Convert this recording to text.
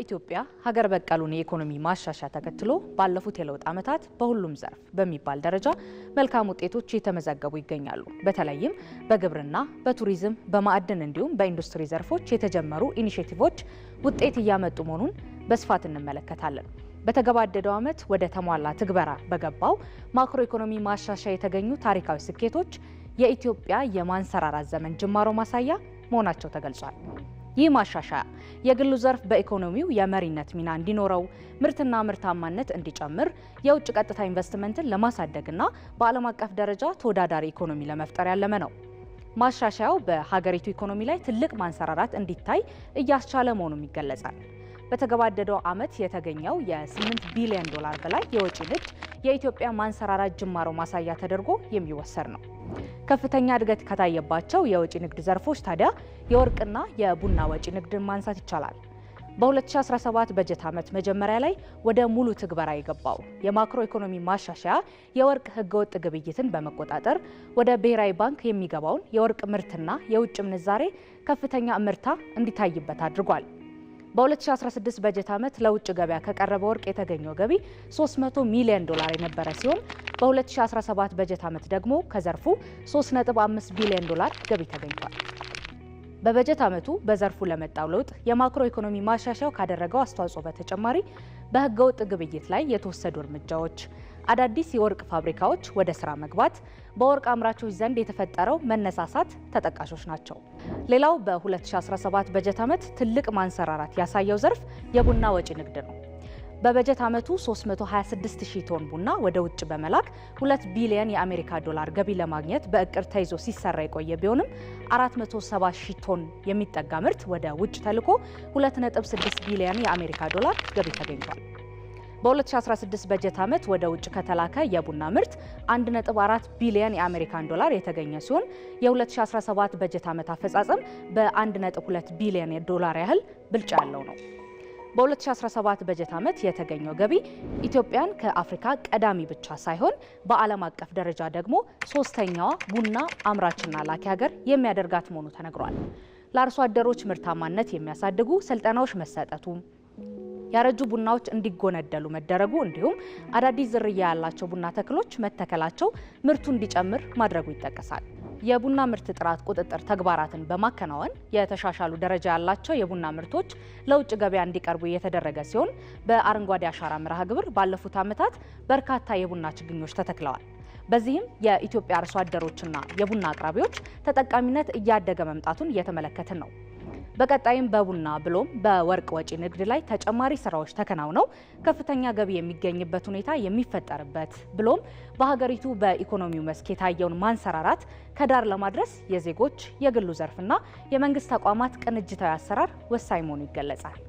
በኢትዮጵያ ሀገር በቀሉን የኢኮኖሚ ማሻሻያ ተከትሎ ባለፉት የለውጥ ዓመታት በሁሉም ዘርፍ በሚባል ደረጃ መልካም ውጤቶች እየተመዘገቡ ይገኛሉ። በተለይም በግብርና፣ በቱሪዝም፣ በማዕድን እንዲሁም በኢንዱስትሪ ዘርፎች የተጀመሩ ኢኒሽቲቮች ውጤት እያመጡ መሆኑን በስፋት እንመለከታለን። በተገባደደው ዓመት ወደ ተሟላ ትግበራ በገባው ማክሮ ኢኮኖሚ ማሻሻያ የተገኙ ታሪካዊ ስኬቶች የኢትዮጵያ የማንሰራራት ዘመን ጅማሮ ማሳያ መሆናቸው ተገልጿል። ይህ ማሻሻያ የግሉ ዘርፍ በኢኮኖሚው የመሪነት ሚና እንዲኖረው፣ ምርትና ምርታማነት እንዲጨምር፣ የውጭ ቀጥታ ኢንቨስትመንትን ለማሳደግና በዓለም አቀፍ ደረጃ ተወዳዳሪ ኢኮኖሚ ለመፍጠር ያለመ ነው። ማሻሻያው በሀገሪቱ ኢኮኖሚ ላይ ትልቅ ማንሰራራት እንዲታይ እያስቻለ መሆኑም ይገለጻል። በተገባደደው ዓመት የተገኘው የ8 ቢሊዮን ዶላር በላይ የወጪ ንግድ የኢትዮጵያ ማንሰራራት ጅማሮ ማሳያ ተደርጎ የሚወሰድ ነው። ከፍተኛ እድገት ከታየባቸው የወጪ ንግድ ዘርፎች ታዲያ የወርቅና የቡና ወጪ ንግድን ማንሳት ይቻላል። በ2017 በጀት ዓመት መጀመሪያ ላይ ወደ ሙሉ ትግበራ የገባው የማክሮ ኢኮኖሚ ማሻሻያ የወርቅ ህገወጥ ግብይትን በመቆጣጠር ወደ ብሔራዊ ባንክ የሚገባውን የወርቅ ምርትና የውጭ ምንዛሬ ከፍተኛ እምርታ እንዲታይበት አድርጓል። በ2016 በጀት ዓመት ለውጭ ገበያ ከቀረበ ወርቅ የተገኘው ገቢ 300 ሚሊዮን ዶላር የነበረ ሲሆን በ2017 በጀት ዓመት ደግሞ ከዘርፉ 3.5 ቢሊዮን ዶላር ገቢ ተገኝቷል። በበጀት ዓመቱ በዘርፉ ለመጣው ለውጥ የማክሮ ኢኮኖሚ ማሻሻያው ካደረገው አስተዋጽኦ በተጨማሪ በህገወጥ ግብይት ላይ የተወሰዱ እርምጃዎች፣ አዳዲስ የወርቅ ፋብሪካዎች ወደ ስራ መግባት፣ በወርቅ አምራቾች ዘንድ የተፈጠረው መነሳሳት ተጠቃሾች ናቸው። ሌላው በ2017 በጀት ዓመት ትልቅ ማንሰራራት ያሳየው ዘርፍ የቡና ወጪ ንግድ ነው። በበጀት ዓመቱ 326 ሺህ ቶን ቡና ወደ ውጭ በመላክ 2 ቢሊየን የአሜሪካ ዶላር ገቢ ለማግኘት በእቅድ ተይዞ ሲሰራ የቆየ ቢሆንም 470 ሺህ ቶን የሚጠጋ ምርት ወደ ውጭ ተልኮ 2.6 ቢሊዮን የአሜሪካ ዶላር ገቢ ተገኝቷል። በ2016 በጀት ዓመት ወደ ውጭ ከተላከ የቡና ምርት 1.4 ቢሊዮን የአሜሪካን ዶላር የተገኘ ሲሆን የ2017 በጀት ዓመት አፈጻጸም በ1.2 ቢሊዮን ዶላር ያህል ብልጫ ያለው ነው። በ2017 በጀት ዓመት የተገኘው ገቢ ኢትዮጵያን ከአፍሪካ ቀዳሚ ብቻ ሳይሆን በዓለም አቀፍ ደረጃ ደግሞ ሶስተኛዋ ቡና አምራችና ላኪ ሀገር የሚያደርጋት መሆኑ ተነግሯል። ለአርሶ አደሮች ምርታማነት የሚያሳድጉ ስልጠናዎች መሰጠቱ ያረጁ ቡናዎች እንዲጎነደሉ መደረጉ እንዲሁም አዳዲስ ዝርያ ያላቸው ቡና ተክሎች መተከላቸው ምርቱ እንዲጨምር ማድረጉ ይጠቀሳል። የቡና ምርት ጥራት ቁጥጥር ተግባራትን በማከናወን የተሻሻሉ ደረጃ ያላቸው የቡና ምርቶች ለውጭ ገበያ እንዲቀርቡ እየተደረገ ሲሆን በአረንጓዴ አሻራ መርሃ ግብር ባለፉት ዓመታት በርካታ የቡና ችግኞች ተተክለዋል። በዚህም የኢትዮጵያ አርሶ አደሮችና የቡና አቅራቢዎች ተጠቃሚነት እያደገ መምጣቱን እየተመለከትን ነው። በቀጣይም በቡና ብሎም በወርቅ ወጪ ንግድ ላይ ተጨማሪ ስራዎች ተከናውነው ከፍተኛ ገቢ የሚገኝበት ሁኔታ የሚፈጠርበት ብሎም በሀገሪቱ በኢኮኖሚው መስክ የታየውን ማንሰራራት ከዳር ለማድረስ የዜጎች የግሉ ዘርፍና የመንግስት ተቋማት ቅንጅታዊ አሰራር ወሳኝ መሆኑ ይገለጻል።